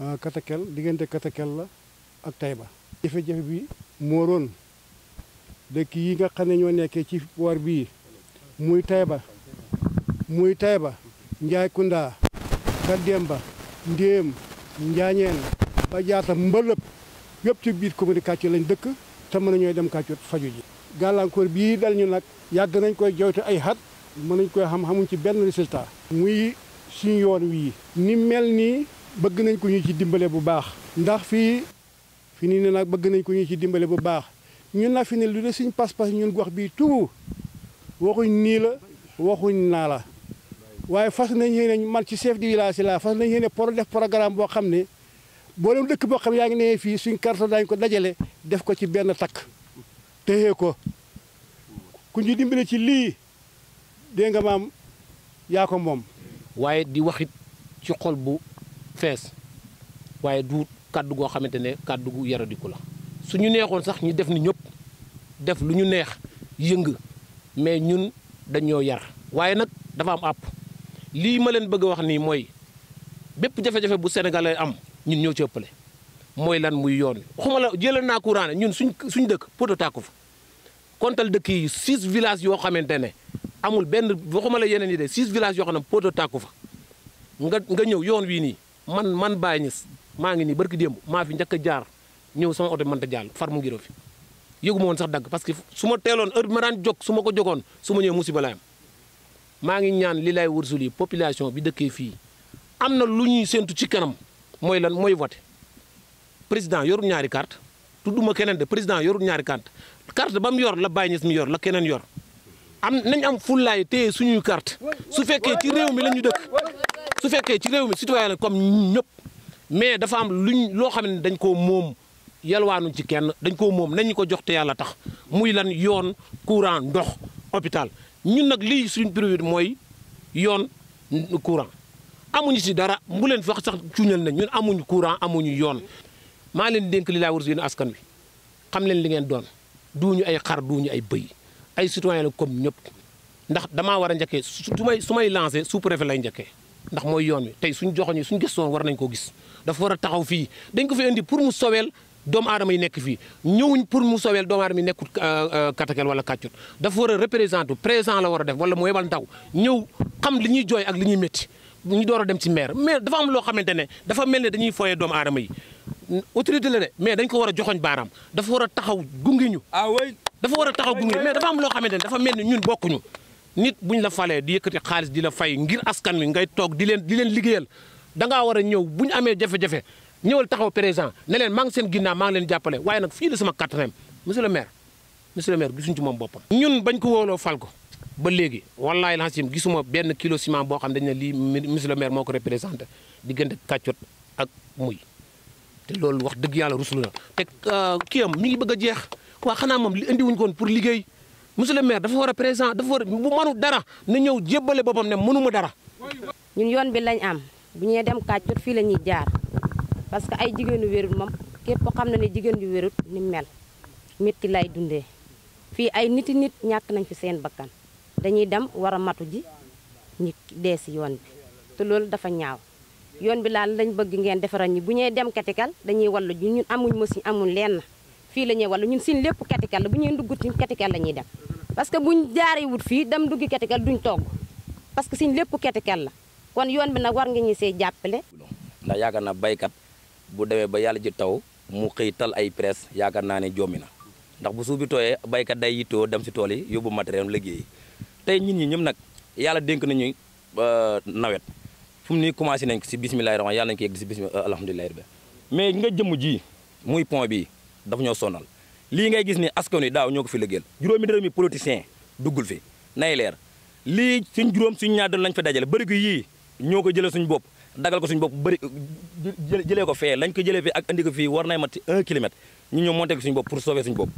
Euh, Katakel diggante Katakel la ak ba jafe-jafe bi moo doon dëkk yi nga xam ne ñoo nekkee ci boor bii muy Taïba muy Taïba Njaay Kunda ba Ndéem Njaañeen ba jaata mbëlëb yëpp ci biir commune Kàccoor lañ dëkk te mën ñooy dem Kàccoor faju ji gàllankoor bii dal ñu nag yàgg nañ koy joytu ay xat mën nañ koy xam xamuñ ci benn résultat muy suñu yoon wii ni mel nii bëgg nañ ko ñu ci dimbale bu baax ndax fii fi ni ne nag bëgg nañ ko ñu ci dimbale bu baax ñun na fi ne lu de suñ pas-pas ñun gox bii tubu waxuñ nii la waxuñ naa la waaye fas nañ yéene man ci chef de village laa fas nañ yéene pour def programme boo xam ne boo dem dëkk boo xam yaa ngi ne fii suñ karto daañu ko dajale def ko ci benn takk téye ko ku ñu dimbale ci lii dégg nga maam yaa ko moom waaye di waxit ci xol bu fees waaye du kàddu goo xamante ne kàddu gu yaradiku la su ñu neexoon sax ñu def ni ñëpp def lu ñu neex yëng mais ñun dañoo yar waaye nag dafa am àpp lii ma leen bëgg a wax nii mooy bépp jafe-jafe bu Sénégalais am ñun ñëw ci ëppale mooy lan muy yoon waxuma la jëlal naa courant ñun suñ suñ dëkk poto tàkku fa kontal dëkk yi six villages yoo xamante ne amul benn waxuma la yeneen yi de six villages yoo ne poto tàkku fa nga nga ñëw yoon wii nii man man Baye Niass maa ngi nii barki démb maa fi njëkk a jaar ñëw sama oto mënta jàll far mu ngiroo fi yëgu ma woon sax dagg parce que su ma teeloon heure bi ma daan jóg su ma ko jogoon su ma ñëwee musiba laayam maa ngi ñaan li laay wërsul yi population bi dëkkee fii am na lu ñuy séntu ci kanam mooy lan mooy vote président yoru ñaari carte tudduma keneen de président yorul ñaari carte carte ba mu yor la Baye Niass mi yor la keneen yor am nañ am fullaay téye suñuy carte su fekkee su fekkee ci réew mi citoyen la comme ñëpp mais dafa am luñ loo xam ne dañ koo moom yalwaanuñ ci kenn dañ koo moom nañ ko jox te yàlla tax muy lan yoon courant ndox hôpital ñun nag lii suñ priorité mooy yoon courant amuñu si dara mu leen wax sax cuuñal nañ ñun amuñu courant amuñu yoon maa leen dénk li war yéen askan wi xam leen li ngeen doon duuñu ay xar duuñu ay bëy ay citoyen comme ñëpp ndax damaa war a njëkkee su may su may lancé sous lay njëkkee ndax mooy yoon wi tey suñ joxoñee suñ gëstoon war nañ koo gis dafa war a taxaw fii dañ ko fi indi pour mu soweel doomu aadama yi nekk fii ñëwuñ pour mu soweel doomu aadama yi nekkul euh, euh, katakel wala kàccut dafa war a représenté présent la war a def wala mu yebal ndaw ñëw xam li ñuy jooy ak li ñuy métti ñu door a dem ci maire mais dafa am loo xamante ne dafa mel ne dañuy fooyee doomu adama yi autorité la mais dañ ko war a joxoñ baaraam dafa war a taxaw gunge ñu ah dafa war a taxaw gunge mais dafa am loo xamante ne dafa mel ne ñun bokku ñu nit buñ la falee di yëkkati xaalis di la fay ngir askan wi ngay toog di leen di liggéeyal da ngaa war a ñëw bu ñu amee jafe-jafe ñëwal taxaw président ne leen maa seen ginnaaw maa ngi leen jàppale waaye nag fii la sama kattanam monsieur le maire monsieur le maire gisuñ moom boppam. ñun bañ ko wóoloo fal ko ba léegi wallaahi lancim gisuma benn kilo ciment boo xam dañ ne lii monsieur le maire moo ko représenté diggante kàccot ak muy te loolu wax dëgg yàlla ruslu na te euh, mi ngi bëgg a jeex waa xanaa moom li indiwuñ koon pour liggéey. monsieur le maire dafa wara a président dafa bu mënu dara na ñëw jébbale boppam ne mënuma dara. ñun yoon bi lañ am bu ñé dem kàccur fii la jaar parce que ay jigéenu wérut mom képp na jigéen yu wérut ni mel métti lay dundé fi ay nit nit ñak nañ fi seen bakkan dañuy dem wara matu ji ñi dee Yon yoon bi té lool dafa ñaaw yoon bi laal lañ bëgg ngeen défaral ñi bu ñé dem katikal dañuy wallu ñun amuñ mësi amuñ lenn fii la ñuy wàllu ñun suñ lépp ketikal la bu ñuy dugg ci ketikal la ñuy dem parce que buñ jaaree wut fii dem dugg ketikal duñ togg parce que suñ lépp ketikal la kon yoon bi nag war nga ñu see jàppale na yaakaar na baykat bu demee ba yàlla ji taw mu xëy tal ay presse yaakaar naa ne joomi na ndax bu suuf bi baykat day yittoo dem si tool yi yóbbu matériel liggéey tey ñit ñi ñëm nag yàlla dénk nañu euh, nawet fu mu ni commencé nañ ko si bisimilahi rahman yàlla nañ ko yegg si bisimilah euh, alhamdulilahi rabbi mais nga ji muy bi dafa ñoo sonal li ngay gis ni askan yi daaw ñoko fi liggéeyal juroomi reewmi politiciens duggul fi nay leer li suñ juroom suñ ñaar dërëm lañ fa dajale bari gu yi ñoko ko suñ bop dagal ko suñ bop bari jëlé ko fé lañ ko jëlé fi ak andi ko fi war nay mat 1 km ñi ñoo monté ko suñ bop pour sauver suñ bop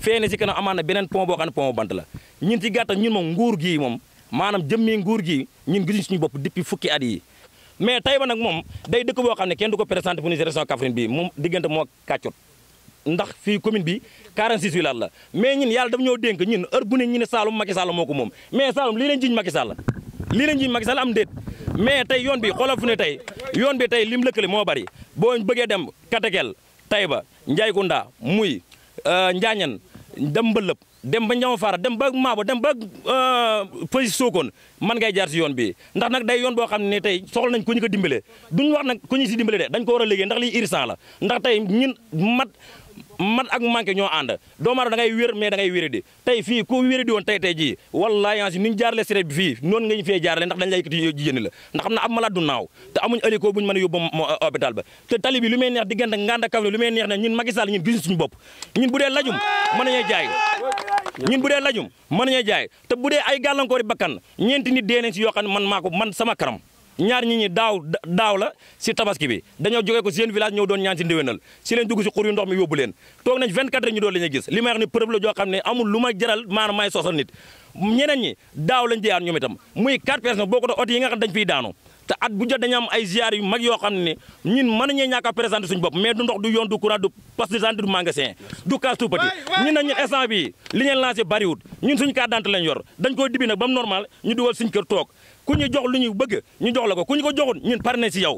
fee ne si kanam amana benen pont bo xam pont bant la ñin ci gàttal ñun moom nguur gi mom manam jëmmé nguur gi ñin gisuñ suñ bop depuis fukki at yi mais Taïba nak mom day dëkk bo xamné ne duko présenter pour ni région Kaffrine bii moom diggante moo kàccut ndax fi commune bi 46 villages la mais ñin yalla dañu denk ñin heure bu ne ñi ne Saloum Macky Sall moko mom mais Saloum li lañ jiñ Macky Sall li lañ jiñ Macky Sall am deet mais tay yoon bi xolof ne tay yoon bi tay lim lëkkale mo bari boo bëgge dem Katakel Taïba Ndiaykunda muy njañan dem beulep dem ba ñaw Fara dem ba Maabo dem ba euh, Fay sokon man ngay jaar ci yoon bi ndax nak day yoon bo xam tay soxol nañ ko ñu ko dimbele duñ wax nak ku ñu si dimbele de dañ ko wara liggé ndax li irsan la ndax tay ñun mat mat ak manqué ñoo ànd doomu aadama da ngay wér mais da ngay wéré di tey fii ku wéré di woon tey tey jii wallaahi ansi ni ñu jaarale sere bi fii noonu nga ñu fee jaarale ndax dañ lay yëkkati jigéen la ndax xam na ab malade du naaw te amuñ aliko bu ñu mën a yóbbu hôpital ba te tali bi lu may neex diggante Nganda Kaffrine lu may neex ne ñun Macky Sall ñun gisuñ suñu bopp ñun bu dee lajum mën nañoo jaay ñun bu dee lajum mën nañoo jaay te bu dee ay gàllankoori bakkan ñeenti nit ni nañ si yoo xam ne man maa ko man sama karam ñaar ñi ñi daaw daaw la si tabaski bi dañoo jógee ko seen village ñëw doon ñaan si ndéwénal si leen dugg si xur yu ndox mi yóbbu leen toog nañ 24 heures ñu doon la ñuy gis li may ni preuve la xam ne amul lu jaral maanaam may sosal nit ñeneen ñi daaw lañ jiyaan ñoom itam muy 4 personnes boo ko doon oto yi nga xam dañ fiy daanu te at bu am ay ziar yu mag yoo xam ne ñun mën nañu ñàkk a présenté suñu bopp mais du ndox du yoon du courant du poste de santé du magasin du casse tout bi li ñeen lancé bariwut ñun suñu carte d'identité lañ yor dañ koy dibi nag ba mu normal ñu dugal suñu kër toog ku ñu jox lu ñu bëgg ñu jox la ko ku ñu ko joxul ñun pare nañ si yow